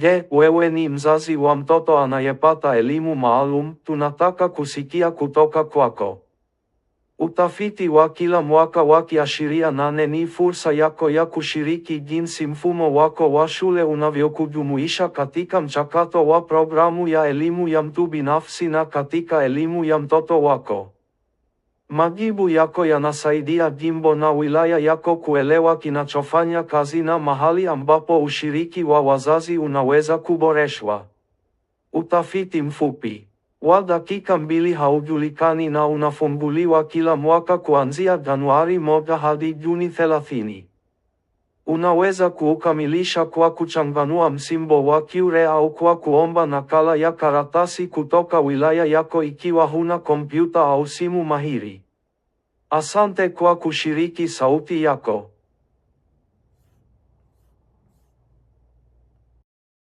Je, wewe ni mzazi wa mtoto anayepata elimu maalum? Tunataka kusikia kutoka kwako. Utafiti wa kila mwaka wa Kiashiria Nane ni fursa yako ya kushiriki jinsi mfumo wako wa shule unavyokujumuisha katika mchakato wa programu ya elimu ya mtu binafsi na katika elimu ya mtoto wako. Majibu yako yanasaidia jimbo na wilaya yako kuelewa kinachofanya kazi na mahali ambapo ushiriki wa wazazi unaweza kuboreshwa. Utafiti mfupi wa dakika mbili haujulikani na unafumbuliwa kila mwaka kuanzia Januari moja hadi Juni 30. Unaweza kuukamilisha kwa kuchanganua msimbo wa kiure au kwa kuomba nakala ya karatasi kutoka wilaya yako ikiwa huna kompyuta au simu mahiri. Asante kwa kushiriki sauti yako.